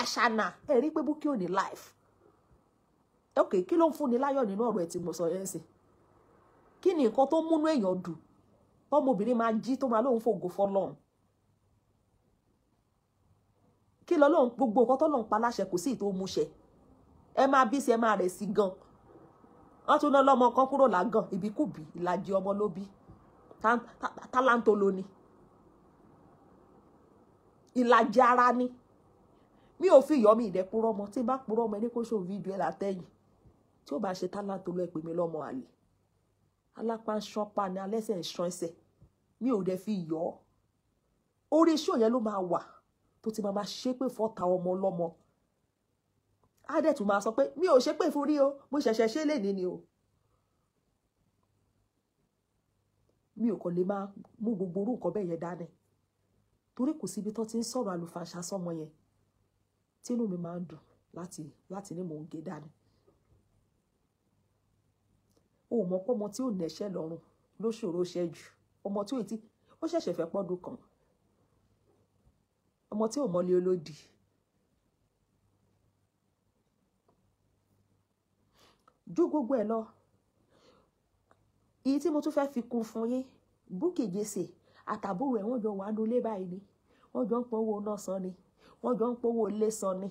àṣànà ẹ̀rí pé Bukky ò ní life ok kí ló ń fúnni láyọ̀ nínú ọ̀rọ̀ ẹ̀ tí mo sọ yẹn sí kí ni nǹkan tó múnú èèyàn dùn tọmọbìnrin máa jí tó máa lóun fògo fọlọ́run kí lọ lóun gbogbo nǹkan tọ́lọ́run pa láṣẹ kò sí ìtò múṣẹ ẹ máa bí sí ẹ máa rẹ̀ sí gan wọ́n tún ná lọ́mọ kan kúrò lágàn ìbíkúbí ìlàjì ọmọ ló bí tálántó ló ní ìlàjì ara ni mi ò fi yọ mi ìdẹ́kúrọ́ ọmọ tí n bá kúrọ́ ọmọ ẹni kó ṣòwò fídíò ẹ̀ látẹ̀yìn tí ó bá ṣe tálátó lọ pè mí lọ́mọ àlè alápá ń ṣán pa ni alẹ́sẹ̀ ń ṣán ẹsẹ̀ mi ò dẹ̀ fi yọ ọ́ orí iṣẹ́ yẹn ló máa wà tó ti máa máa ṣépè lomo. ọmọ ọlọ́mọ adẹ́tù máa sọ pé mi ò ṣépè fún rí o mo ṣẹ̀ṣẹ̀ ṣe lénìí ni o mi ò kàn lè máa mú gbogbo orú nǹkan bẹ́ẹ̀ yẹn dání torí kò síbi tó ti ń sọ̀rọ̀ àlùfàṣà sọ́mọ yẹn tí inú mi máa ń dùn láti, láti ní mò ń gé dání. O ò mọ̀ pé ọmọ tí ò nẹ́ṣẹ́ lọ́rùn ló ṣòro ṣẹ́ jù. Ọmọ tí ò tí, ó ṣẹ̀ṣẹ̀ fẹ́ pọ́dún kan. Ọmọ tí ò mọ̀lé olódi. Ju gbogbo ẹ̀ lọ. Èyí tí mo tún fẹ́ fi kún fún yín, Bukky Jesse àtàbúrò ẹ̀ wọ́n jọ wà nínú ilé báyìí ni. Wọ́n jọ ń pọ́n owó náà san ni wọ́n jọ ń powó ilé san ni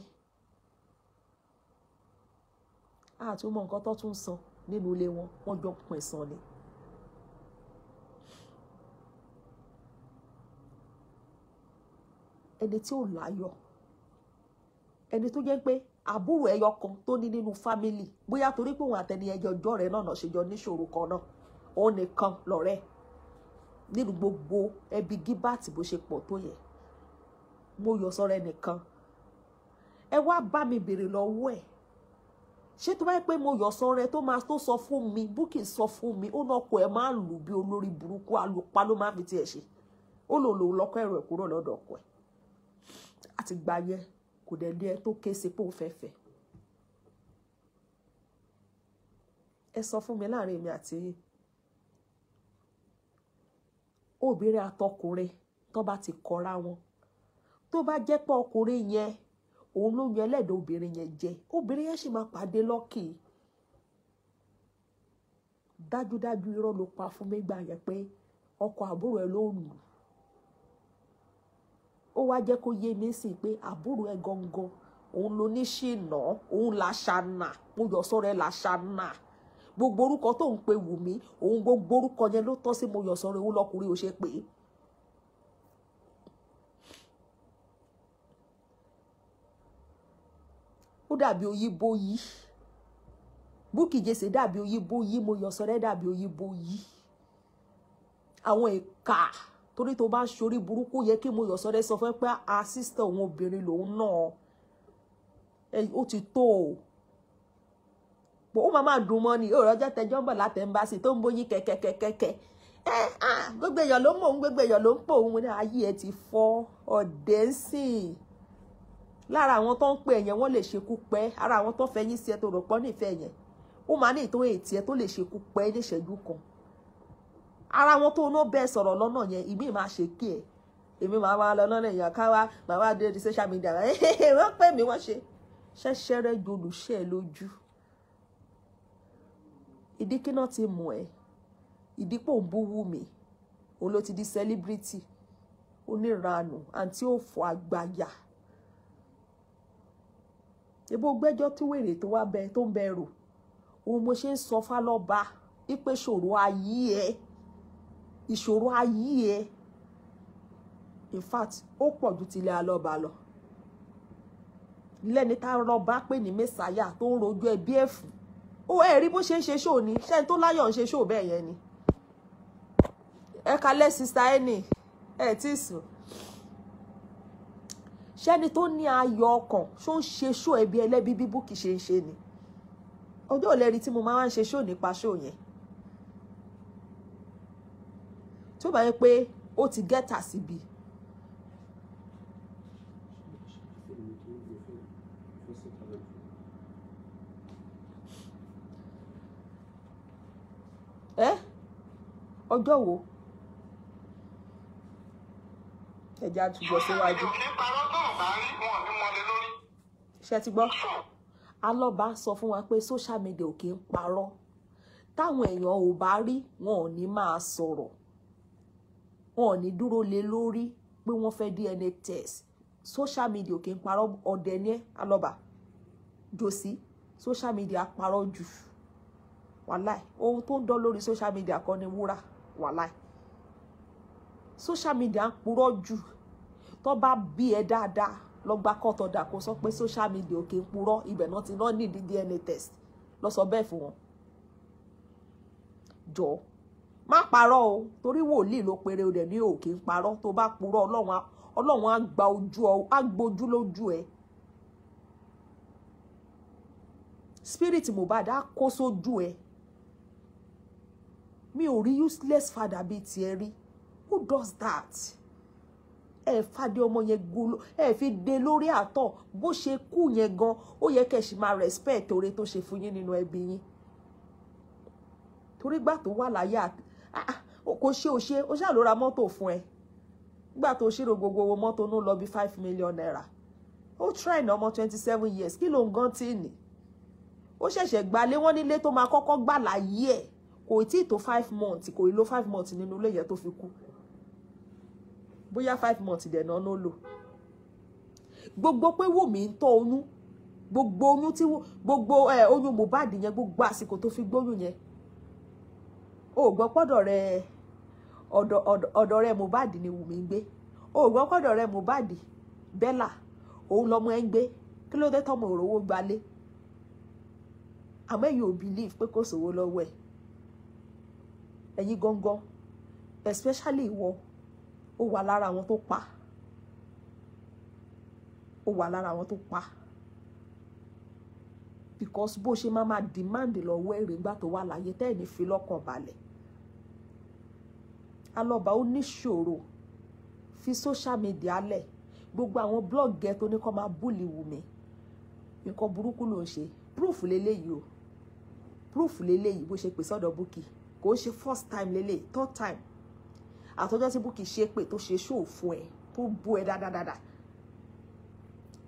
àti ó mọ nǹkan tó tún san nínú ilé wọn wọ́n jọ pín san ni. ẹni tí ò láyọ̀ ẹni tó jẹ́ pé àbúrò ẹyọ kan tó ní nínú fámìlì bóyá torí pé òun àtẹni ẹjọ ọjọ́ rẹ̀ náà ṣe jọ níṣòro kan náà òun nìkan lọ̀rẹ́ nínú gbogbo ẹbí gíbàtì bó ṣe pọ̀ tó yẹ mo yọ sọ́rọ̀ ẹnìkan ẹ wá bá mi bèrè lọ́wọ́ ẹ̀ ṣé tó bá yẹ pé mo yọ sọ́rọ̀ ẹ tó máa tó sọ fún mi Bukky sọ fún mi ó náà kọ ẹ máa lù bí olórí burúkú alùpá ló máa fi tiẹ̀ ṣe ó lò lòun lọ́kọ́ ẹ̀rọ ẹ̀ kúrò lọ́dọ̀ ọkọ ẹ̀ àti gbà yẹn kò dẹ̀ lé ẹ tó ké sí pé òun ẹ sọ fún mi láàrin èmi àti yín obìnrin àtọkùnrin tó bá ti kọra wọn tó bá jẹ́ pé ọkùnrin yẹn òun ló yan ẹlẹ́dàá obìnrin yẹn jẹ obìnrin yẹn sì máa pàdé lọ́kì dájúdájú irọ́ ló pa fún mi gbà yẹn pé ọkọ àbúrò ẹ ló lù ú ó wá jẹ́ kó yé mi sí pé àbúrò ẹ gangan òun ló ní ṣìnà òun làṣàna mo yọ sọ́rọ̀ ẹ làṣàna gbogbo orúkọ tó ń pe wù mí òun gbogbo orúkọ yẹn ló tọ́ sí mo yọ sọ́rọ̀ ewu lọkùnrin ò ṣe pé. dàbí oyíbo yìí Bukky Jesse dàbí oyíbo yìí Moyosore dàbí oyíbo yìí àwọn ìka torí tó bá ṣorí burúkú yẹ kí Moyosore sọ fún ẹ pé a sísítà òun obìnrin lòun náà ẹ ó ti tó o pò ó máa máa dùn mọ́ ni òòrọ̀ ọjọ́ tẹjọ́ ń bọ̀ látẹ̀mbásì tó ń bóyí kẹ̀kẹ̀kẹ̀kẹ̀ ẹ à gbogbo èèyàn ló ń mọ̀ òun gbogbo èèyàn ló ń pò òun ayé ẹ ti fọ́ ọ̀dẹ́sìn lára àwọn tó ń pè ẹ̀yẹn wọ́n lè ṣekú pẹ́ ara àwọn tó fẹ́ yín sí ẹ tó rò pọ́ nífẹ̀ẹ́ yẹn ó máa ní ìtò ètí ẹ tó lè ṣekú pẹ́ níṣẹ́jú kan ara àwọn tó ná bẹ́ẹ̀ sọ̀rọ̀ lọ́nà yẹn ìmí máa ṣe kí ẹ èmi máa wá lọ lọ́nà èèyàn ká wá máa wá dé di social media wọ́n pè mí wọ́n ṣe ṣẹ́ṣẹ́rẹ́ dolùṣẹ́ lójú ìdí kí náà ti mọ̀ ẹ́ ìdípò ń búwú mi òun ló ti di celebrity oníranù àǹtí òfò àgbàyà. Ebo gbẹ́jọ́ tí wèrè tó wá bẹ tó ń bẹ rò òun mo ṣe ń sọ fálọ́ba ipe ìṣòro ayé ẹ ìṣòro ayé ẹ in fact ó pọ̀ ju tilẹ̀ alọ́ba lọ lẹ́ni tá rọba pè ní mẹ́sàáyà tó ń rojú ẹbí ẹ̀fù ó ẹ̀ rí bó ṣe ń ṣe ṣó ni ṣẹ́ni tó láyọ̀ ń ṣe ṣó bẹ́ẹ̀ yẹn ni ẹ kalẹ́ sista ẹni ẹ ti sùn ṣẹ́ni tó ní ayọ̀ ọkàn ṣó ń ṣe ṣó ẹbí ẹlẹ́bí bí Bukky ṣe ń ṣe ni ọjọ́ òlẹ́rìí tí mo máa ń ṣe ṣó nípa ṣó yẹn tó bá yẹ pé ó ti gẹ́tà síbi. ọjọ́ wo ẹja àtúgbọ̀ síwájú. ṣe ti gbọ́ alọ́ba sọ fún wa pé social media ò kí ń parọ́ táwọn èèyàn ò bá rí wọn ò ní máa sọ̀rọ̀ wọn ò ní dúró lé lórí pé wọ́n fẹ́ DNA test social media ò kí ń parọ́ ọ̀dẹ ní alọ́ba jòsí social media parọ́ jù wàláì ohun tó ń dán lórí social media kọ́ ni wúrà wàláì social media ń purọ́ jù tó bá bí ẹ dáadáa lọ gba court order kó sọ pé social media òkè ń purọ́ ibẹ̀ náà ti náà nídìí DNA test lọ sọ bẹ́ẹ̀ fún wọn jọ má parọ́ o torí wòlíì ló péré o dẹ̀ ní òkè ń parọ́ tó bá purọ́ ọlọ́run ọlọ́run á gba ojú ọ á gbójú lójú ẹ spirit Mohbad á kó sójú ẹ mi ò rí useless father bíi tiẹ̀ rí who does that ẹ fàdé ọmọ yẹn golo ẹ fi dé lórí àtọ bó ṣe kú yẹn gan ó yẹ kẹ́ ṣì máa respect oore tó ṣe fún yín nínú ẹbí yín torí gbà tó wà láyé ah, ah, kò ṣe ò ṣe ó ṣáà ló ra mọ́tò fún ẹ gbà tó ṣírò gbogbo owó mọ́tò ní lọ bí five million naira ó try ní ọmọ twenty seven years kí ló ń gan tí nì ó ṣẹ̀ṣẹ̀ gbalé wọ́n nílé tó máa kọ́kọ́ gbà láyé ẹ̀ kò tí ì tó five months kò ì lo five months nínú ilé yẹn tó fi kú bóyá five months dẹ̀ náà ló lò gbogbo pé Wùmí ń tọ́ oyún gbogbo oyún tí gbogbo oyún Mohbad yẹn gbogbo àsìkò tó fi gbóyún yẹn o ò gbọ́ pọ́dọ̀ rẹ ọ̀dọ̀ rẹ Mohbad ni Wùmí ń gbé o ò gbọ́ pọ́dọ̀ rẹ Mohbad Bella òun lọmọ ẹ ń gbé kí ló dé tọmọ òrówó gbalé àmọ́ ẹ̀yin ò believe pé kò sówó lọ́wọ́ ẹ̀ ẹ̀yin gangan especially ìwọ ó wà lára àwọn tó pa ó wà lára àwọn tó pa because bó ṣe máa máa demand lọ́wọ́ èrè ńgbà tó wà láyé tẹ́ ẹ̀ ní fi lọ́kàn balẹ̀ alọba ó níṣòro fi social media lẹ̀ gbogbo àwọn blọ́ọ̀gẹ́ tó ní kọ́ máa búlì wù mí nǹkan burúkú ló ń ṣe proof leléyìí o proof leléyìí bó ṣe pè sọ́dọ̀ Bukky kò ń ṣe first time lélẹ̀ third time àtọjọ́ tí Bukky ṣe pé tó ṣe ṣóò fún ẹ tó bú ẹ dáadáa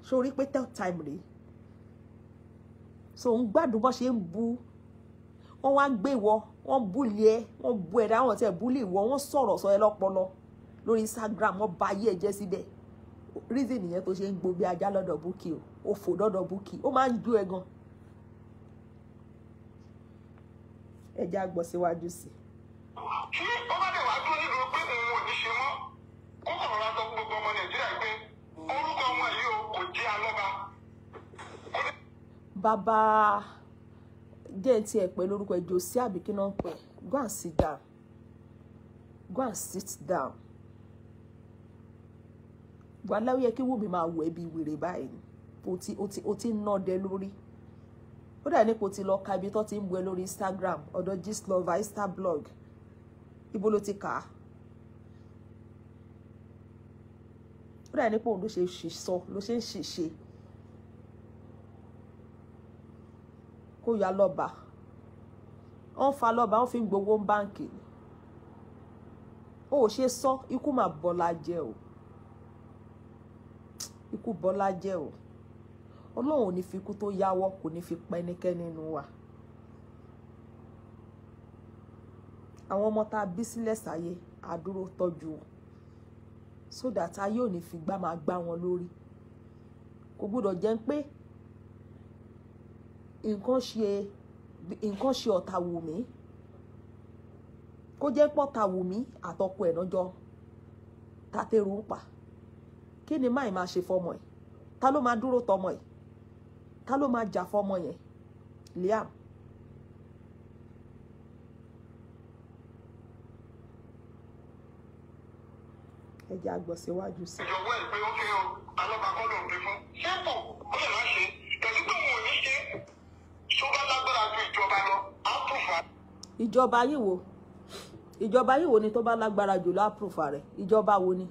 sórí pé tell time rèé so ń gbádùn bó ṣe ń bu wọ́n wá gbé wọ wọ́n búlì ẹ wọ́n bu ẹ dáhùn tẹ búlì wọ wọ́n sọ̀rọ̀ sọ ẹ lọ́pọlọ lórí Instagram wọ́n ba ayé ẹ jẹ́ síbẹ̀ reason nìyẹn tó ṣe ń gbó bí ajá lọ́dọ̀ Bukky o ò fò lọ́dọ̀ Bukky ó máa ń ju ẹ gan ẹjẹ àgbọ̀ síwájú sí. tí ó bá dé wàá dúró nílùú ṣe mọ́ kó kọ̀ọ̀rọ̀ lásán fún gbogbo ọmọ nàìjíríà pé orúkọ ọmọ yìí o kò jẹ́ alọ́ba. bàbá díẹ̀ tí ẹ lórúkọ ẹ̀ jòsí àbíkí náà pẹ̀ go and sit down go and sit down wàhálà ó yẹ kí Wùmí máa wọ ẹbí wèrè báyìí o ti o ti o ti ń nọdẹ lórí ó dà ní kò ti lọ ka ibi tó ti ń bu ẹ lórí Instagram ọ̀dọ̀ gistlover instablog ibo ló ti kà á dà ní pé òun ló ṣe ṣì sọ ló ṣe ń ṣìṣe kó ya lọ́ba wọ́n fa lọ́ba wọ́n fi ń gbowó ń báǹkì ó ṣe sọ ikú mà bọ́lá jẹ́ o ikú bọ́lá jẹ́ o ọlọ́run ò ní fi ikú tó yáwọ́ kò ní fi pa nínú wa. àwọn ọmọ tá a bí sílẹ̀ sáyé àdúró tọ́jú wọn so that ayé ò ní fi gbá máa gbá wọn lórí kò gbúdọ̀ jẹ́ pé nǹkan ṣe nǹkan ṣe ọ̀tà wù mí kó jẹ́ pọ́tà wù mí àtọkọ ẹ̀ lọ́jọ́ tàtẹ́rù ń pa kí ni máì máa ṣe fọmọ ẹ̀ ta ló máa dúró tọmọ ẹ̀ ta ló máa jà fọmọ yẹn Liam jẹ́ àgbọ̀ síwájú sí. ìyọ̀wọ́ ẹ̀ pé ó fi hàn alọ́ba kọ́ fún ṣẹ́pù ó lè má ṣe pẹ̀lú pé òun ò ní ṣe tó lágbára ju ìjọba lọ á ìjọba yìí wo ìjọba yìí wo ni tó bá lágbára jù lọ á pùfà ìjọba wo ni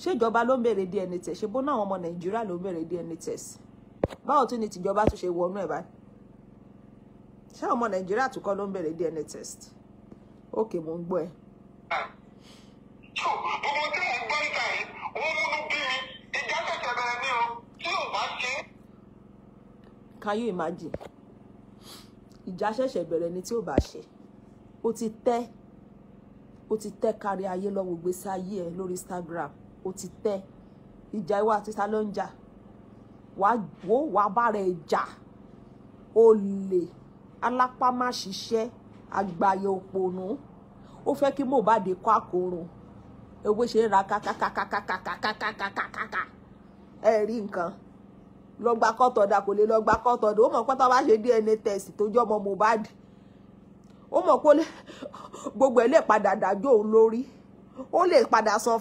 ṣé ìjọba ló ń béèrè DNA test ṣe bó náà àwọn ọmọ Nàìjíríà ló ń béèrè DNA test báwo tún ni tìjọba tún ṣe wọnú ẹ̀ báyìí ṣé ọmọ Nàìjíríà tún kọ́ ló ń béèrè DNA test ókè mò ń gbọ́ ẹ. Ah can you imagine ìjà ṣẹ̀ṣẹ̀ bẹ̀rẹ̀ ni tí ò bá ṣe ó ti tẹ́ ó ti tẹ́ kárí ayé lọ́wọ́ gbèsè ayé ẹ̀ lórí Instagram ó ti tẹ́ ìjà ìwà àti ta ló ń jà wàá wò wàá bá rẹ̀ jà olè òpònú ó fẹ́ kí Mohbad kó àkórùn ewé ṣe ń ra kàkàkàkàkàkàkàkàkàkà ẹ rí kò bá ṣe DNA tó jọmọ gbogbo padà padà san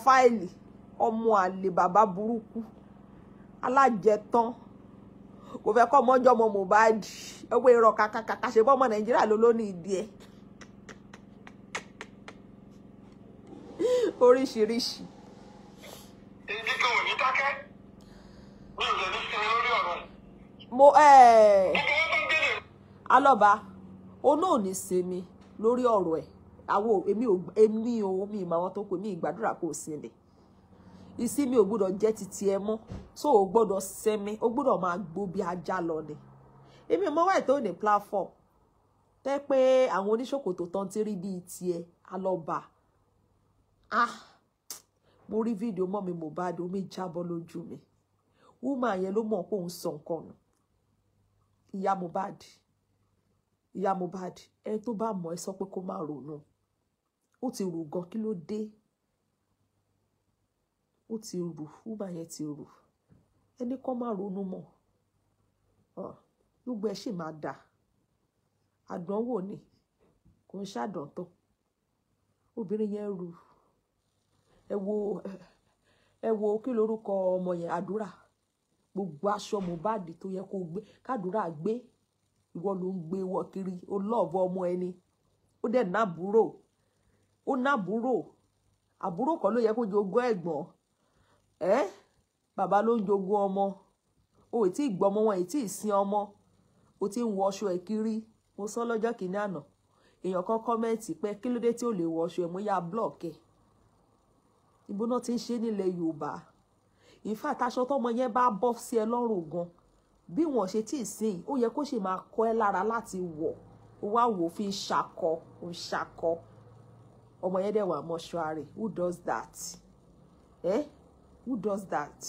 oríṣiríṣi. ibi kan ní dákẹ́ mi ò lè ní sinmi lórí ọ̀rọ̀ yìí. mo alọba oná ò ní sinmi lórí ọrọ ẹ̀ àwọn èmi ò èmi ò mi emi tó pè mí ìgbàdúrà kò sinmi ìsinmi ò jẹ́ titi ẹ mọ́ so ò gbọ́dọ̀ sinmi ó gbọ́dọ̀ máa gbó ajá lọ ni èmi mọ́ wáyé tó ní platform tẹ́ pé àwọn oníṣòkòtò tán ti rí bíi ah mo rí fídíò mọ́ mi Mohbad omi jábọ́ lójú mi wúmà yẹn ló mọ̀ pé òun sọ nǹkan nù ìyá Mohbad ìyá Mohbad ẹni tó bá mọ̀ ẹ́ sọ pé kó má ronú ó ti rù gan kí ló dé ó ti rù wúmà yẹn ti rù ẹni kọ́ má ronú mọ̀ gbogbo ẹ̀ sì máa dà àdánwò ni kò ń ṣàdán tán obìnrin yẹn rù ẹ wo ẹ wo kí lorúkọ ọmọ yẹn àdúrà gbogbo aṣọ Mohbad tó yẹ kó gbé kádùrà gbé ìwọ ló ń gbé wọ kiri ó lọ́ọ̀bọ ọmọ ẹni ó dẹ̀ nábúrò ó nábúrò àbúrò kan ló yẹ kó jogún ẹ̀gbọ́n ẹ bàbá ló ń jogún ọmọ o ì tí ì gbọmọ wọn ì tí ì sin ọmọ o ti ń wọ aṣọ ẹ kiri mo sọ lọ́jọ́ kìíní àná èèyàn kan kọ́mẹ́ǹtì pé kí ló dé tí ò lè wọ aṣọ ẹ mo yá blọọkì ẹ ibo náà ti ń ṣe nílẹ̀ Yorùbá ìfà àtàṣọ tọmọ yẹn bá bọ́ sí ẹ lọ́rùn gan bí wọ́n ṣe tí ì sìn ó yẹ kó ṣe máa kọ́ ẹ lára láti wọ̀ ó wá wò ó fi ń ṣakọ ń ṣakọ ọmọ yẹn dẹ̀ wà mọ́ṣúárì who does that eh? who does that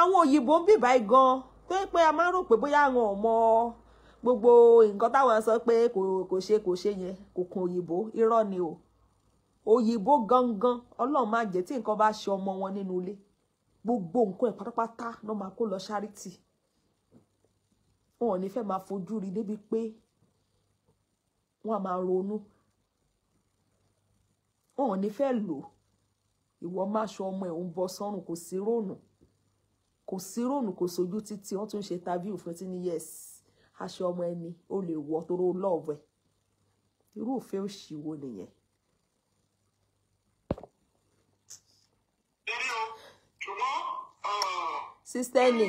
àwọn òyìnbó ń bì báyìí gan tó pé a máa ń rò pé bóyá àwọn ọmọ gbogbo nǹkan táwọn sọ pé kò ṣe kò ṣe yẹn kò kan òyìnbó irọ́ ni o òyìnbó gangan ọlọ́run máa jẹ́ tí nǹkan bá ṣe ọmọ wọn nínú ilé gbogbo nǹkan ẹ̀ pátápátá ló máa kó lọ ṣáríìtì wọn ò ní fẹ́ máa fojú rí débi pé wọn á máa ronú wọn ò ní fẹ́ lò ìwọ máa ṣọ ọmọ ẹ̀ ń bọ sọ́run kò sí rònú kò sí rònú kò sójú títí wọ́n tún ṣe tàbí òfin tí ní yes aṣọ ọmọ ẹni ó lè wọ toró lọ́ọ̀bù ẹ̀ irú òfin òṣìwò nìyẹn. sísẹ́nì.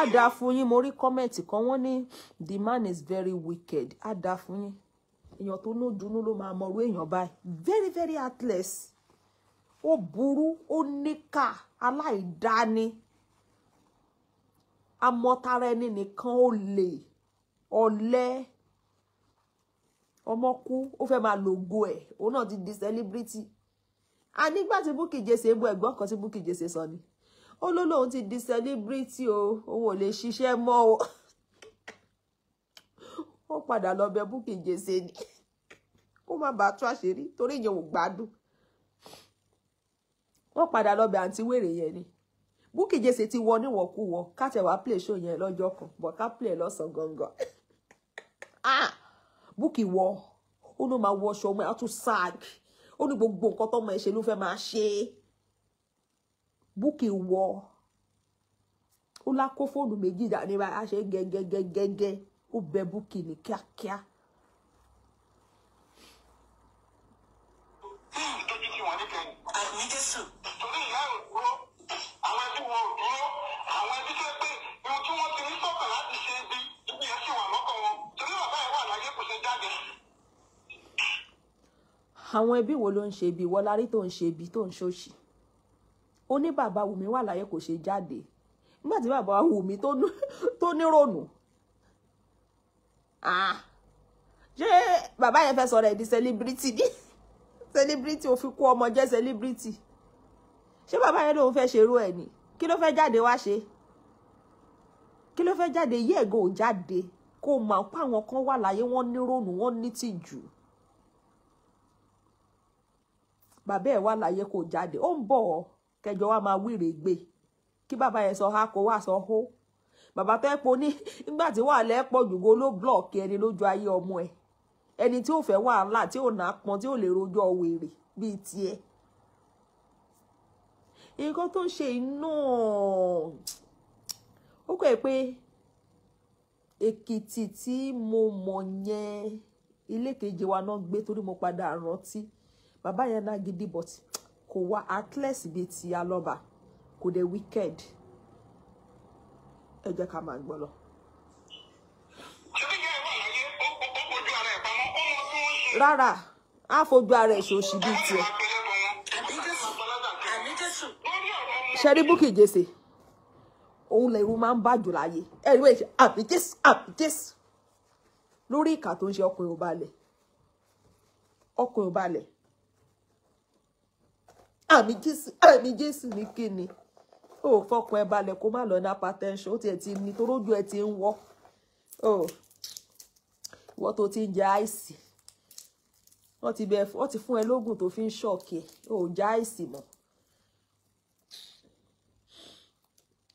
á dáa fún yín mo rí kọ́mẹ̀ntì kan wọ́n ní the man is very wicked á dáa fún yín èèyàn tó ní dunú ló máa mọ̀rú èèyàn báyìí very very heartless ó burú ó níkà aláìdáni amọ̀tara ẹni nìkan ó lè ọ̀lẹ ọmọ kú ó fẹ́ máa lògo ẹ̀ òun náà ti di celebrity a nígbà tí Bukky Jesse bu ẹ̀gbọ́n kan tí Bukky Jesse sọ ni ó ló lóun ti di celebrity o òun ò lè ṣiṣẹ́ mọ́ o ó padà lọ bẹ Bukky Jesse ni kó má bàa tú àṣírí torí ìyẹn ò gbádùn wọ́n padà lọ bẹ àǹtí wèrè yẹn ni Bukky Jesse ti wọ níwọ̀kúwọ̀ kátẹ̀wá play show yẹn lọ́jọ́ kan but ká play lọ́sàn-án gangan ah Bukky wọ ó ló máa wọ ọṣọ ọmọ ẹ̀ á tún sáàgì ó ní gbogbo nǹkan tọ́mọ ẹ ṣe ló fẹ́ máa ṣe Bukky wọ ó lá kó fóònù méjì dání báyìí a ṣe gẹgẹgẹgẹgẹ ó bẹ Bukky ní kíákíá àwọn ẹbí wo ló ń ṣe ibi ìwọlárí tó ń ṣe ibi tó ń ṣòṣì ó ní bàbá Wùmí wà láyé kò ṣe jáde nígbà tí bàbá Wùmí tó nírònú ṣé bàbá yẹn fẹ́ sọ̀rọ̀ ẹ̀ di celebrity ní celebrity ò fi kú ọmọ jẹ́ celebrity ṣé bàbá yẹn lòun fẹ́ ṣerú ẹ̀ ni kí ló fẹ́ jáde wá ṣe kí ló fẹ́ jáde yí ẹ̀gọ́ ò jáde kó mọ̀ pé àwọn kan wà láyé wọ́n nírònú wọ́n nítìjú. bàbá ẹ̀ wà láyé kò jáde ó ń bọ̀ kẹjọ wa máa wíre gbé kí bàbá yẹn sọ ha kó wá sọ hó bàbá tó ẹ ní nígbà tí wà ẹ pọ̀ jùgbó ló blọọkì ẹni lójú ayé ọmọ ẹ ẹni tí ó fẹ́ wàhálà tí ò nà pọn tí ò lè rojọ́ wèrè bíi tiẹ̀ nǹkan tó ń ṣe iná ó kọ́ ẹ pé Èkìtì tí mo mọ̀ yẹn ilé kejì wa náà gbé torí mo padà rántí. baba yẹn náà gidi but kò wá atlas bíi ti alọ́ba kò dé wicked ẹ jẹ́ ká máa gbọ́ lọ. rárá fojú ara ẹ̀ ṣòṣì bíi tiẹ̀. ṣẹ́rí búkì jèsè òun lẹ́rú máa ń bàjò láyé ẹ̀rí wẹ̀ ṣe àmì jésù àmì jésù ní kíni ó fọkàn ẹ balẹ̀ kó má lọ ní hypertension ó tiẹ̀ ti ní torójú ẹ ti ń wọ́ ó ìwọ tó ti ń jẹ àìsí wọ́n ti bẹ wọ́n ti fún ẹ lóògùn tó fi ń ṣọ̀kì ó jẹ àìsí mọ́.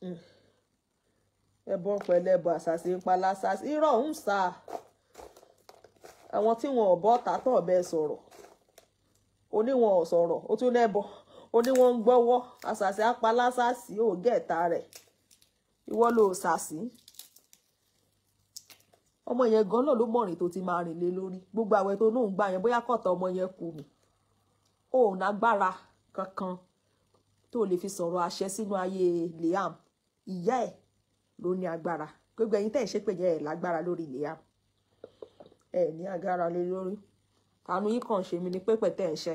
Hmm. ẹbọ pẹ̀lẹ́ ẹbọ àṣàṣe ń palá ṣàṣe irọ́ ń sà àwọn tí wọn ò bọ́ tàtọ̀ bẹ́ẹ̀ sọ̀rọ̀ oníwọ̀n sọ̀rọ̀ ó tún lẹ́bọ̀ọ́ ó ní wọ́n ń gbọ́wọ́ àṣàṣì apalásàṣì ò gẹ̀ẹ́ta rẹ̀ ìwọ ló ṣàṣì ọmọ yẹn gan náà ló mọ̀rìn tó ti máa rìn lé lórí gbogbo àwẹ̀ tó lóun gbà yẹn bóyá kọ̀tà ọmọ yẹn kù mí òun nágbára kankan tó lè fi sọ̀rọ̀ àṣẹ sínú ayé Liam ìyá ẹ̀ ló ní agbára gbogbo ẹ̀yin tẹ̀ ń ṣépè yẹn ẹ̀ lágbára lórí Liam ẹ̀ ní agbára lórí àánú yín kàn ṣe mí ní pépè tẹ̀ ń ṣe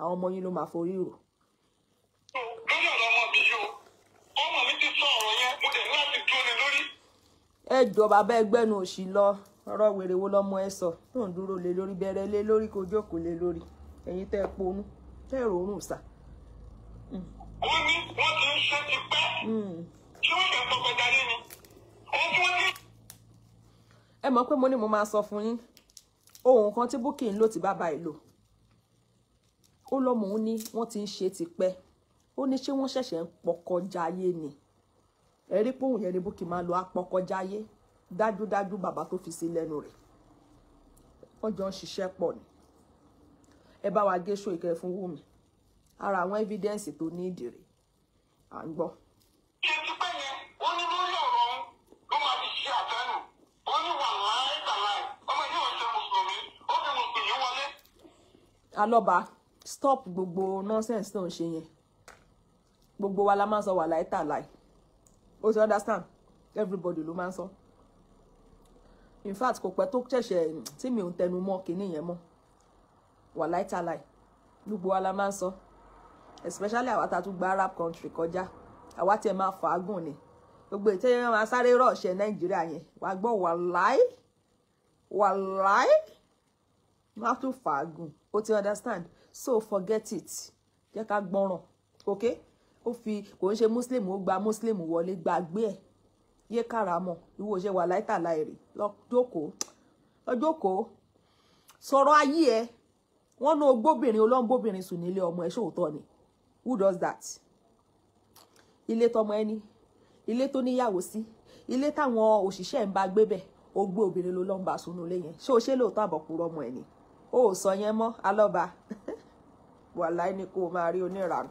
àwọn ọmọ yín ló máa forí rò ẹ jọba bá ẹgbẹ́nu òsì lọ ọ̀rọ̀ wèrè wo lọ́mọ ẹ sọ tó ń dúró lé lórí bẹ̀rẹ̀ lé lórí kó jókòó lé lórí ẹ̀yin tẹ́ ẹ ponú tẹ́ ẹ rọrùn hmm. sà. wọ́n ní hmm. wọ́n ti ń ṣe ti pẹ́ tí wọ́n ṣe tọkọtaya ni ohun tí wọ́n ẹ mọ̀ pé mo ní mo máa sọ fún yín ohun kan tí Bukky ń lò tí bàbá ẹ̀ ó lọ́mọ òun ní wọ́n ti ń ṣe ti pẹ́ ó ní ṣé wọ́n ṣẹ̀ṣẹ̀ ń pọkọ jayé ni ẹ̀rí pòun yẹn ni Bukky máa lo apọkọjáyé dájúdájú bàbá tó fi sí lẹ́nu rẹ̀ wọ́n jọ ń ṣiṣẹ́ pọ̀ ni ẹ bá wa gé ṣó fún Wùmí ara àwọn evidence tó ní ìdìrí à ń gbọ́. alọ́ba stop gbogbo nonsense tó ń ṣe yẹn gbogbo wa la máa sọ wà láìtàláì o ti understand everybody ló máa ń sọ in fact kò pẹ́ tó ṣẹ̀ṣẹ̀ tí mi ò ń tẹnu mọ́ kinní yẹn mọ́ wà láìtàláì gbogbo wa la máa ń sọ especially àwa ta tún gba arab country kọjá àwa tiẹ̀ máa fàágùn ni gbogbo ìtẹ́yẹ máa sáré rọ̀ṣẹ̀ nàìjíríà yẹn wàá gbọ́ wà láì wà láì má tún fàágùn o ti understand so forget it jẹ́ ká gbọ́ràn okay ó fi kò ń ṣe muslim ó gba muslim wọlé gbàgbé ẹ̀ yé kàràmọ̀ ìwọ ṣe wà láìta láìrè lọ́jọ́kòó lọ́jọ́kòó sọ̀rọ̀ ayé ẹ̀ wọ́n ná gbóbìnrin olóńgbóbìnrin sùn nílé ọmọ ẹ̀ ṣòótọ́ ni who does that ilé tọmọ ẹni ilé tó níyàwó sí ilé táwọn òṣìṣẹ́ ń bá gbé bẹ̀ ó gbé obìnrin ló lọ́nba sunú ilé yẹn ṣé o ṣe lóòótọ́ àbọ̀kúrọ́ ọmọ ẹni o ò sọ yẹn mọ́ alọ́ba wàláì ni kó o máa rí onírànú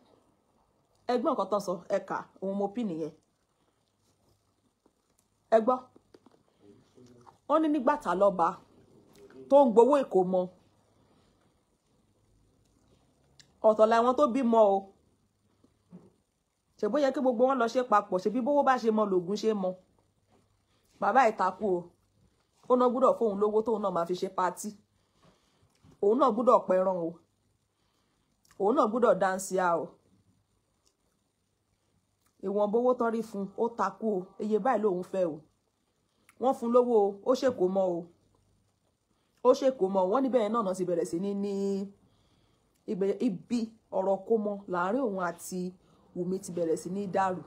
ẹgbọ́n nǹkan tó sọ ẹ̀ka òun mo pín nìyẹn ẹ gbọ́ wọ́n ní nígbà tá lọ́ba tó ń gbowó èkó mọ́ ọ̀tọ̀ làwọn tó bímọ o ṣèbó yẹ kí gbogbo wọn lọ ṣe papọ̀ ṣèbí bówó bá ṣe mọ lògùn ṣe mọ bàbá ìtakú o ó náà gbúdọ̀ fóun lówó tóun náà máa fi ṣe patí òun náà gbúdọ̀ pẹran o òun náà gbúdọ̀ dáńsíá o ìwọ̀nba owó tán rí fún ó takú o iye báyìí lòun fẹ́ o wọ́n fún lówó o ó ṣèkó mọ́ o ó ṣèkó mọ́ wọ́n níbẹ̀ náà náà ti bẹ̀rẹ̀ sí ní ní ibi ọ̀rọ̀ kó mọ́ láàárín òun àti Wùmí ti bẹ̀rẹ̀ sí ní dàrú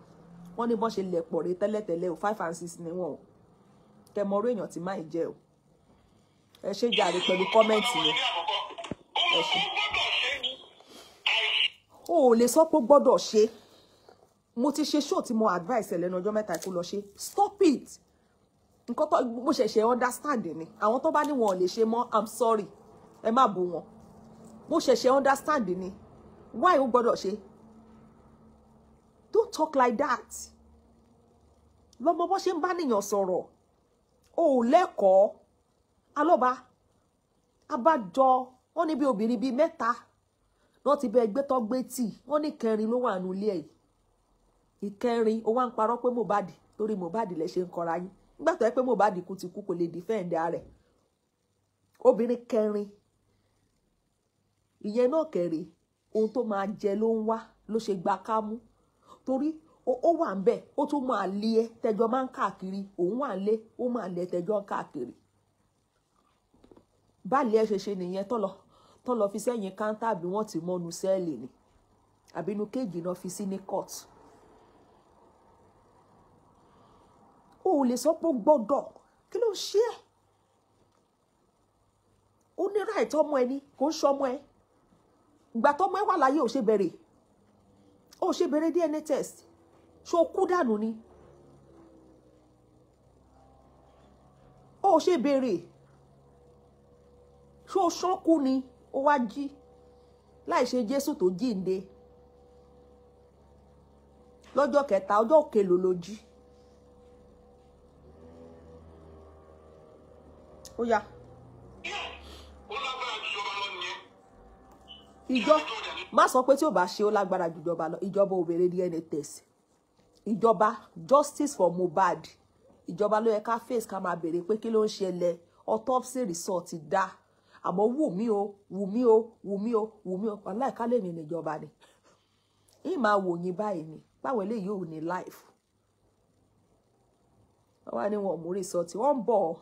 wọ́n ní bọ́n ṣe lẹ̀pọ̀ rè tẹ́lẹ̀tẹ́lẹ̀ o five and six ni wọ́n o kẹmọ́rú èèyàn ti máa ń jẹ́ o ẹ ṣe jàre pẹ̀lú kọ́mẹ́ǹtì yẹn ẹ ṣe o ò lè sọ pé gbọ́dọ̀ ṣe mo ti ṣe show tí mo advice ẹ lẹ́nu ọjọ́ mẹ́ta kó lọ ṣe stop it nǹkan tó mo ṣẹ̀ṣẹ̀ understand ni àwọn tó bá ní wọn ò lè ṣe mọ́ i'm sorry ẹ má bú wọn mo ṣẹ̀ṣẹ̀ understand ni why o gbọ́dọ̀ ṣe don't talk like that lọ́mọ bó ṣe ń bá nìyàn sọ̀rọ̀ o ò lẹ́kọ̀ọ́ alọ́ba abájọ wọn ní bí obìnrin bíi mẹ́ta wọn ti bẹ ẹgbẹ́ tó gbé tì wọn ní kẹrin ló wà nílé ẹ̀yìn ìkẹrin ó wá ń parọ́ pé Mohbad torí Mohbad lẹ ṣe ń kọra yín nígbà tó pé Mohbad kú ti kú kò lè defend rẹ̀ obìnrin kẹrin ìyẹn náà kẹrẹ ohun tó máa jẹ ló ń wá ló ṣe gba kámú torí ó wà ń bẹ ó tún máa lé ẹ tẹjọ máa ń káàkiri òun wà ń lé ó máa lé tẹjọ káàkiri báàlì ẹ ṣe ṣe nìyẹn tọlọ tọlọ fi sẹ́yìn káńtà bí wọ́n ti mọ́nu sẹ́ẹ̀lì ni àbínú kéèjì náà fi sí ní kóòtù o ò lè sọ pé ó gbọ́dọ̀ kí ló ń ṣe é ó ní ráì tọ́mọ ẹ ní kò ń ṣọmọ ẹ ìgbà tọ́mọ ẹ wà láyé ò ṣe bẹ̀rẹ̀ ò ṣe bẹ̀rẹ̀ DNA test ṣó kú dànù ni ò ṣe bẹ̀rẹ̀ ṣó ṣọ́kú ni ó wá jí láì ṣe Jésù tó jíǹde lọ́jọ́ kẹta ọjọ́ òkè ló jí. Oya, yá. ìjọ má sọ pé tí ò bá ṣe ó lágbára jùjọba lọ ìjọba obìnrin DNA test ìjọba justice for Mohbad ìjọba ló yẹ ká face ká máa béèrè pé kí ló ń ṣẹlẹ̀ autopsy result dá àmọ́ wù o wù o wù o wù mí o aláìka lè nìyẹn ìjọba ni yìí máa wò yín báyìí ni báwo eléyìí ò ní life wọ́n wá ní wọn ò mú result wọ́n ń bọ̀ ọ́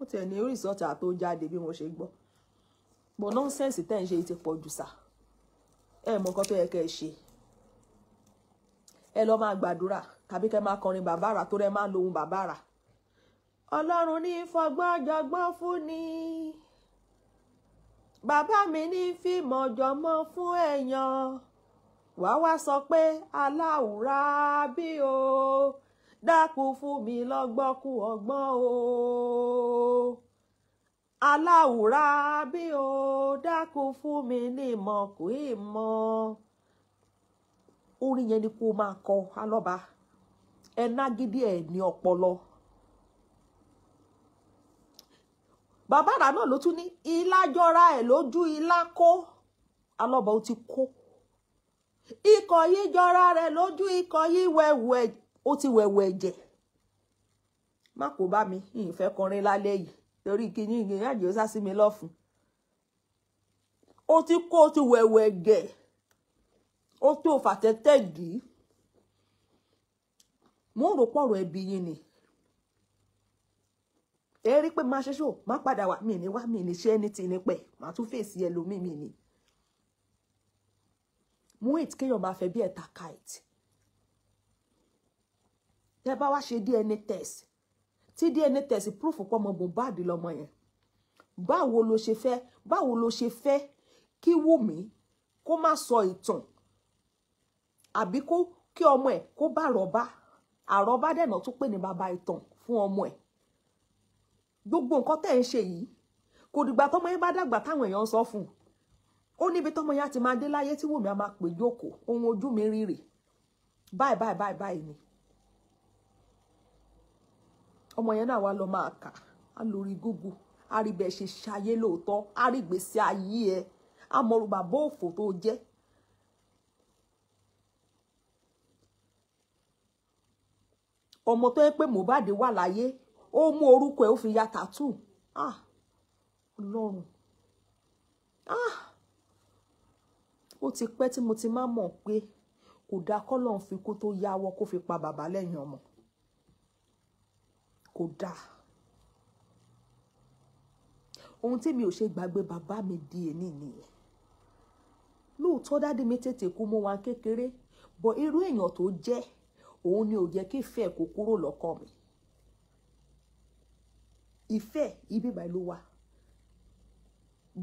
ó tiẹ̀ ní result àtó jáde bí mo ṣe gbọ́ bọ̀ nọ́nsẹ̀nsì tẹ̀ ń ṣe ti pọ̀ jù sà ẹ mọ nǹkan tó yẹ kẹ́ ẹ ṣe ẹ lọ máa gbàdúrà tàbí kẹ́ máa kọrin bàbá àrà tó rẹ máa lo ohun bàbá àrà ọlọ́run ní fọgbọ́njọgbọ́n ni bàbá mi ní fìmọ̀jọ̀mọ́ fún ẹ̀yàn wàá wá sọ pé aláwùrá bí o dákun fún mi lọ́gbọ́n kú ọgbọ́n o aláwùrá bí o dákun fún mi ní ìmọ̀ kù ìmọ̀ orin yẹn ni kó máa kọ alọ́ba ẹ nágídí ẹ̀ ní ọpọlọ bàbá àrà náà ló tún ní ilá jọra ẹ̀ lójú ilá kó alọ́ba ó ti kó ikọ̀ yìí jọra rẹ̀ lójú ikọ̀ yìí wẹ̀wù ó ti wẹ̀wẹ̀ ẹ̀jẹ̀ má kó bá mi ìfẹ́ kọrin lálẹ́ yìí torí kíní ìgbìyànjú àjò sá sí mi lọ́fun ó ti kó ó ti wẹ̀wẹ̀ ẹ̀jẹ̀ ó tó fàtẹ́tẹ́ dì í mo ń rò pọ̀rọ̀ ẹbí yín ni ẹ rí pé má ṣe ṣó má padà wá mi ní wá mi ní ṣe ẹni tì ní má tún fèsì ẹlòmíì mi ni mo hate kéèyàn máa fẹ́ bí ẹ̀ta kite tẹ bá wa ṣe DNA test tí DNA test proof pọmọ Mohbad lọmọ yẹn báwo lo ṣe fẹ́ báwo lo ṣe fẹ́ kí Wùmí kó má sọ ìtàn àbí kó kí ọmọ ẹ̀ kó bá àrọ́bá àrọ́bá dẹ̀nà tó pè ní bàbá ìtàn fún ọmọ ẹ̀ gbogbo nǹkan tẹ̀ ń ṣe yìí kò dìgbà tọmọ yẹn bá dàgbà táwọn èèyàn sọ fún un ó níbi tọmọ yẹn á ti máa dé láyé tí Wùmí á máa pè jókòó ohun ojú mi rírì bye bye bye bye ni ọmọ yẹn náà wá lọ máa kà á lórí Google á rí bẹ́ẹ̀ ṣe ṣayé lóòótọ́ á rí ìgbésí ayé ẹ á mọrù bàbá òfò tó jẹ́. ọmọ tó yẹ pé Mohbad wà láyé ó mú orúkọ ẹ ó fi ya tàtú ah Ọlọ́run ah ó ti pẹ́ tí mo ti máa mọ̀ pé kò dáa kọ́lọ́n fi kó tó yáwọ́ kó fi pa bàbá lẹ́yìn ọmọ kò dáa ohun tí mi ò ṣe gbàgbé bàbá mi di èní nìyẹn lóòótọ́ dáadé mi tètè kú mọ́ wa kékeré bọ̀ irú èèyàn tó jẹ́ òun ni ò yẹ kí ìfẹ́ ẹ̀ kúrò lọ́kàn mi ìfẹ́ ibi báyìí ló wà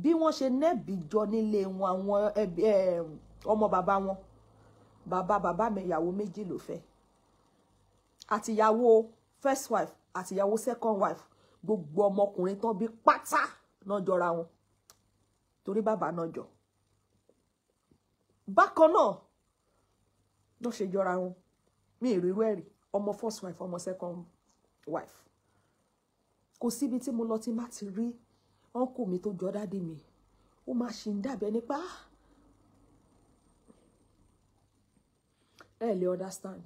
bí wọ́n ṣe nẹ́ẹ̀bì jọ nílé wọn àwọn ọmọ bàbá wọn bàbá bàbá mi ìyàwó méjì ló fẹ́ àtìyàwó first wife àtìyàwó second wife gbogbo ọmọkùnrin tán bí pátá náà jọra wọn torí bàbá náà jọ bákan náà ló ṣe jọra wọn mi ì rírú ẹ̀rí ọmọ first wife ọmọ second wife kò síbi tí mo lọ tí má ti rí ọ́nkù mi tó jọ dáàdì mi ó máa ṣì ń dàbẹ́ nípa ah! ẹ lè understand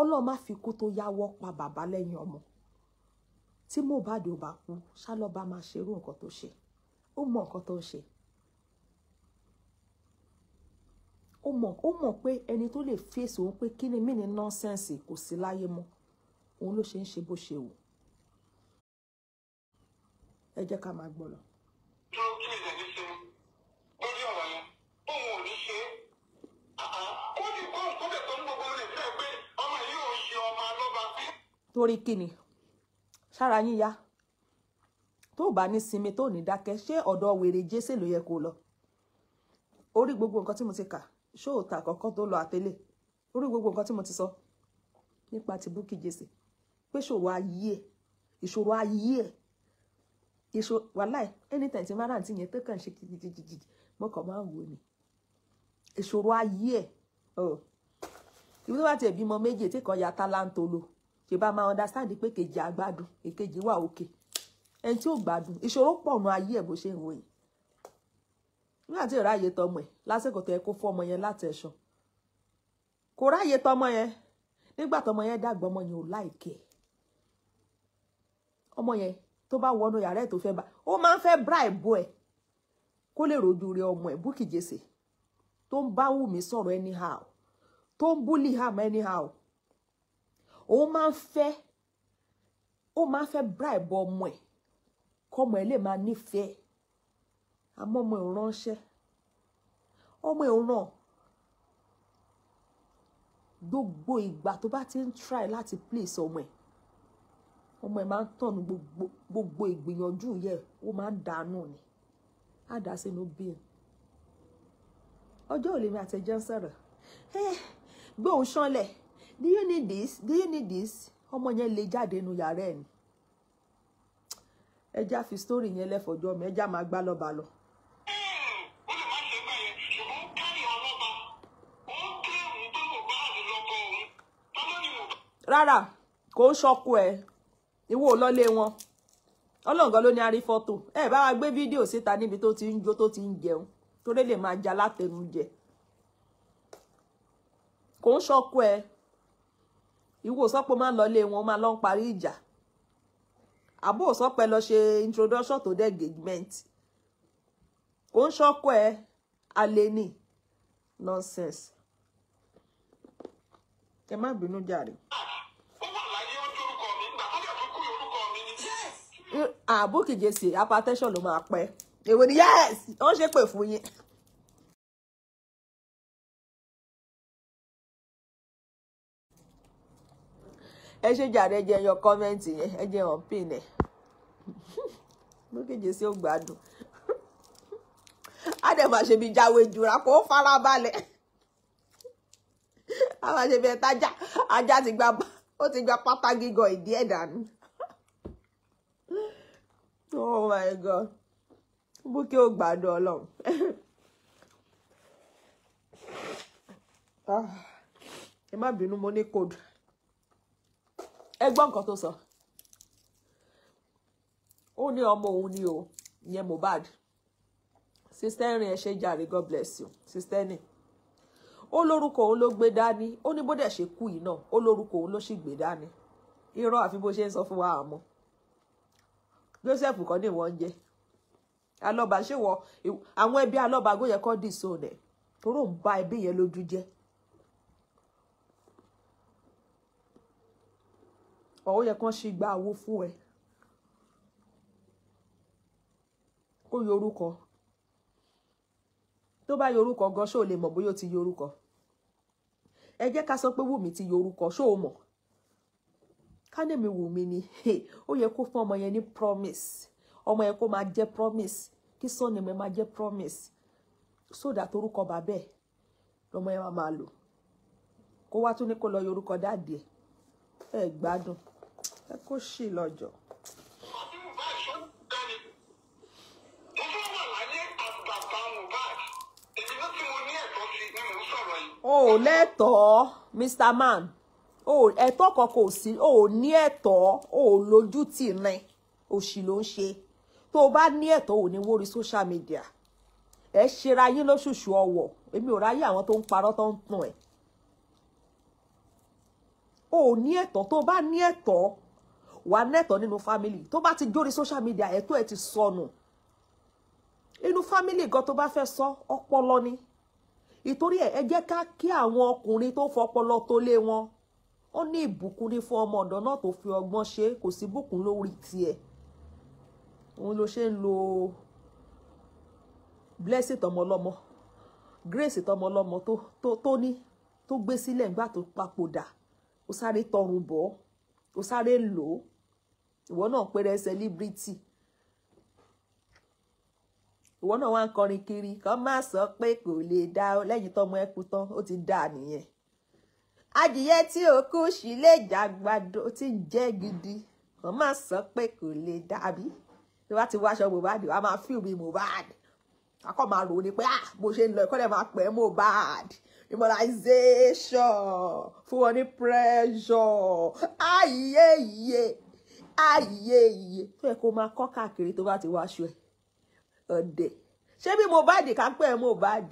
ọlọ́ọ̀ má fi kú tó yáwọ́ pa bàbá lẹ́yìn ọmọ tí Mohbad ò bá kú ṣálọ́ba máa ṣerú nǹkan tó ṣe ó mọ nǹkan tó ń ṣe ó mọ ó mọ pé ẹni tó lè fèsì òun pé kí ni mí ní nọ́nsẹ̀nsì kò sí láyé mọ́ òun ló ṣe ń ṣe bó ṣe wù ẹ jẹ́ ká máa gbọ́ lọ. torí kí ni ṣára yín ya tó bá ní sinmi tó ní dákẹ́ ṣé ọ̀dọ̀ wèrè jésè ló yẹ kó lọ orí gbogbo nǹkan tí mo ti kà ṣóòtà àkọ́kọ́ tó lọ àtẹ́lẹ̀ orí gbogbo nǹkan tí mo ti sọ nípa ti Bukky Jesse pé ṣòro ayé ẹ̀ ìṣòro ayé ẹ̀ ìṣòro wàláì anytime tí mara àǹtí yẹn tó kàn ṣe jìjìjìjì mo kàn máa ń wò ni ìṣòro ayé ẹ̀ ibi tó bá tiẹ̀ bímọ méjì tí kan ya tálántolo ṣe bá máa understand pé kejì àgbàdùn èkejì wà òkè ẹni tí ò gbádùn ìṣòro pọ̀ nu ayé ẹ̀ bó ṣe ń wòye nígbà tí ìráyè tọmọ ẹ̀ lásìkò tó yẹ kó fún ọmọ yẹn láti ẹ̀ṣọ́ kò ráyè tọmọ yẹn nígbà tọmọ yẹn dàgbà ọmọ yẹn ò láìkè ọmọ yẹn tó bá wọnú yàrá ẹ̀ tó fẹ́ bá ó máa ń fẹ́ bribe ẹ̀ kó lè rojú rẹ ọmọ ẹ̀ Bukky Jesse tó ń bá anyhow tó ń bully ham anyhow òun máa ń fẹ́ ó máa ń fẹ́ bribe ọmọ ẹ̀ kọ́mọ ẹ̀ lè máa nífẹ̀ẹ́ àmọ́ ọmọ ẹ̀ ránṣẹ́ ọmọ ẹ̀ ràn gbogbo ìgbà tó bá ti ń try láti place ọmọ ẹ̀ ọmọ ẹ̀ máa ń tọ̀nù gbogbo ìgbìyànjú yẹ ó máa ń dànù ni á dà sínú bíi ọjọ́ òlèmi àtẹ̀jẹ́ ń sọ̀rọ̀ ẹ gbóhùn sanlẹ̀ do you need this do you need this ọmọ yẹn lè jáde nu yàrá ẹ̀ ni ẹja fi story yẹn lẹ́fọ̀jọ́ mi ẹja máa gbá lọ́ba lọ. rárá kò ń ṣọkú ẹ ìwọ lọlé wọn ọlọ́ǹgán ló ní a rí fọ́tò ẹ bá wa gbé fídíò síta níbi tó ti ń jó tó ti ń jẹun torí lè máa jẹ alátẹnujẹ kò ń ṣọkú ẹ ìwọ sọpọ máa ń lọ lé wọn máa lọ ń parí ìjà àbò sọpẹ lọ ṣe introduction to the engagement kò ń ṣọkọ ẹ alẹ ní nonsense ẹ má bínú jàre. àbókìjẹsì hypertension ló máa pẹ́ èwo ni yẹ́ẹ̀sì ó ń ṣépè fún yín. ẹ ṣe jàre jẹ yan kọ́mẹ́ǹtì yẹn ẹ jẹ hàn pin ẹ̀ lókèjì sí ògbádùn á dẹ̀ máa ṣe bí jáwé jura kó farabalẹ̀ á máa ṣe bí ẹ tájà ajá ti gba ó ti gba pátá gígọ ìdí ẹ̀ dànù oh my god bókè ògbádùn ọlọ́run. Ah. ẹ má bínú mo ní kóòdù ẹ gbọ́ nǹkan tó sọ ó ní ọmọ òun ni o ìyẹn Mohbad sisterin ẹ ṣe jàre God bless you sisterin ó lórúkọ òun ló gbé dání ó ní bó dẹ̀ ṣe kú yìí náà ó lórúkọ òun ló sì gbé dání irọ́ àfi bó ṣe ń sọ fún wa àmọ́ Joseph kan ní ìwọ́n ń jẹ́ alọ́ba ṣé wọ àwọn ẹbí alọ́ba agbóyẹ̀kọ́ dì sóun ẹ̀ toró ń ba ẹbí yẹn lójú jẹ́ ó yẹ kán ṣe gba àwo fún ẹ ó yorúkọ tó bá yorúkọ gan ṣó lè mọ̀ bóyá ó ti yorúkọ ẹ jẹ́ ká sọ pé Wùmí ti yorúkọ ṣó o mọ̀ kánẹ̀mí Wùmí ni ó yẹ kó fún ọmọ yẹn ní promise ọmọ yẹn kó máa jẹ́ promise kí sọ́ọ̀nì mi máa jẹ́ promise sódà torúkọ bàbẹ́ lọmọ yẹn máa máa lò kó wá tún ní kó lọ yorúkọ dáàdì ẹ ẹ gbádùn ẹ kó ṣì lọ́jọ́. o ò lẹ́tọ̀ọ́ Mr. Man o ẹ̀tọ́ kan kò sí o ò ní ẹ̀tọ́ o ò lójú tì ní òṣì ló ń ṣe tó o bá ní ẹ̀tọ́ ò ní wórí social media ẹ ṣera yín lóṣooṣù ọwọ̀ èmi ò ráyè àwọn tó ń parọ́ tó ń tàn ẹ̀ o ò ní ẹ̀tọ́ tó o bá ní ẹ̀tọ́ wà nẹ́tọ̀ nínú family tó bá ti dórí social media ẹ̀tọ́ ẹ̀ ti sọnù inú family gan tó bá fẹ́ sọ ọpọlọ ni ìtorí ẹ̀ ẹ jẹ́ ká kí àwọn ọkùnrin tó fọpọlọ tó lé wọn ó ní ìbùkún ní fún ọmọ ọ̀dọ́ náà tó fi ọgbọ́n ṣe kò sí bùkún lórí tiẹ̀ òun ló ṣe ń lo blessing tọmọlọmọ grace tọmọlọmọ tó tó tó ní tó gbé sílẹ̀ nígbà tó papòdà ó sáré tọrùn bọ̀ ó sáré lò ó ìwọ náà péré celebrity ìwọ náà wá ń kọrin kiri kàn má sọ pé kò lè dá ọ lẹ́yìn tọmọ ẹ kú tán ó ti dà nìyẹn adìyẹ tí ó kú sí lè jàgbàdo tí ń jẹ gidi kàn má sọ pé kò lè dàbí tí wàá ti wáṣọ Mohbad wàá máa fíìmù bí Mohbad akọ máa rò ó ni pé ah bó ṣe ń lọ ẹkọ dẹ máa pẹ Mohbad immunization fún wọn ní pressure ayé yìí ààyè iye tó yẹ kó máa kọ́ káàkiri tó bá ti wáṣọ ẹ̀ ọ̀dẹ̀ ṣé bí Mohbad kápẹ́ Mohbad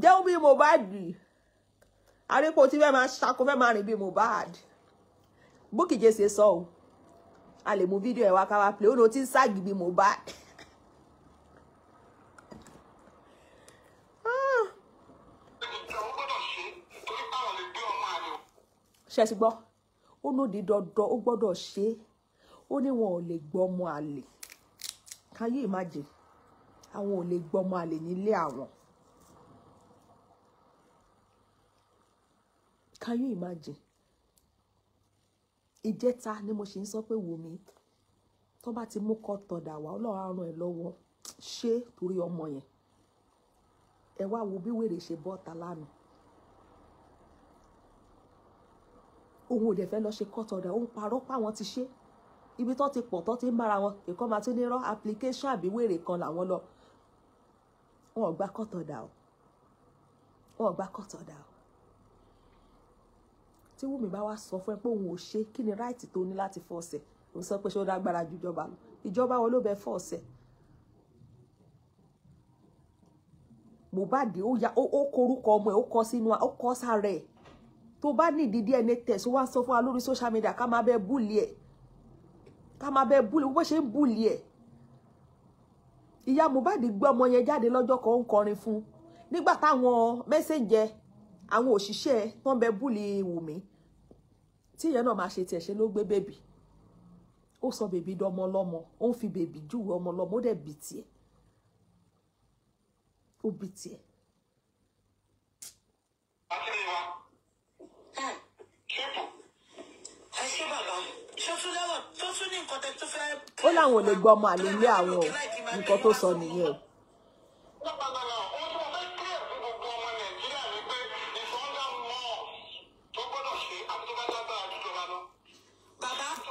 jẹ́wọ́ bí Mohbad arípo tí fẹ́ máa ṣako fẹ́ máa rìn bí Mohbad Bukky Jesse sọ o a lè mú fídíò ẹ̀ wá ká wá play ó ní o ti ń ságì bí Mohbad. Ah. ṣe ti gbọ́ ó lòdì dandan ó gbọ́dọ̀ ṣe é ó ní wọn ò lè gbọ́mọ àlè can you imagine àwọn ò lè gbọ́mọ àlè nílé àwọn can you imagine ìjẹta ni mo ṣe ń sọ pé wò mí tó bá ti mú kọ́ tọ̀dà wá ọlọ́run á ràn ẹ́ lọ́wọ́ ṣé torí ọmọ yẹn ẹ wá wo bí wèrè ṣe bọ́ ta lánàá òun ò dẹ̀ fẹ́ lọ ṣe court order òun parọ́ páwọn ti ṣe ibi tó ti pọ̀ tó ti ń bára wọn èkó máa ti ní rán application àbí wèrè kan làwọn lọ wọn ò gba court order o wọn ò gba court order o tí Wùmí bá wá sọ fún ẹ pé òun ò ṣe kí ni right tó ní láti fọ́ọ̀sẹ̀ òun sọ pé ṣé ó dágbára ju ìjọba lọ ìjọba wo ló bẹ fọ́ọ̀sẹ̀ Mohbad ó ya ó korúkọ ọmọ ẹ ó kọ sínú ó kọ sára ẹ tó bá nídìí DNA test wá sọ fún wa lórí social media ká máa bẹ búlì ẹ̀ ká máa bẹ búlì bó ṣe ń búlì ẹ̀ ìyá Mohbad gbé ọmọ yẹn jáde lọ́jọ́ kan ó ń kọrin fún nígbà táwọn mẹ́sẹ̀jẹ àwọn òṣìṣẹ́ tó ń bẹ búlì Wùmí tí ìyẹn náà máa ṣe tiẹ̀ ṣe ló gbé bèbí ó sọ bèbí dọmọ lọmọ ó ń fi bèbí júwe ọmọ lọmọ ó dẹ̀ bì tiẹ̀ ó bì tiẹ̀ ṣé bàbá ṣọ́tún lẹ́wọ̀n ṣọ́tún ní nǹkan tẹ́ tó fẹ́. ó láwọn ò lè gbọ́ ọmọ àlè àwọn o nǹkan tó sọ nìyẹn o.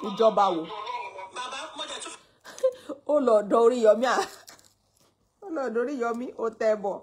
ìjọba wo ó lọ ọ̀dọ̀ Oríyọmí ó lọ ọ̀dọ̀ Oríyọmí ó tẹ bọ̀.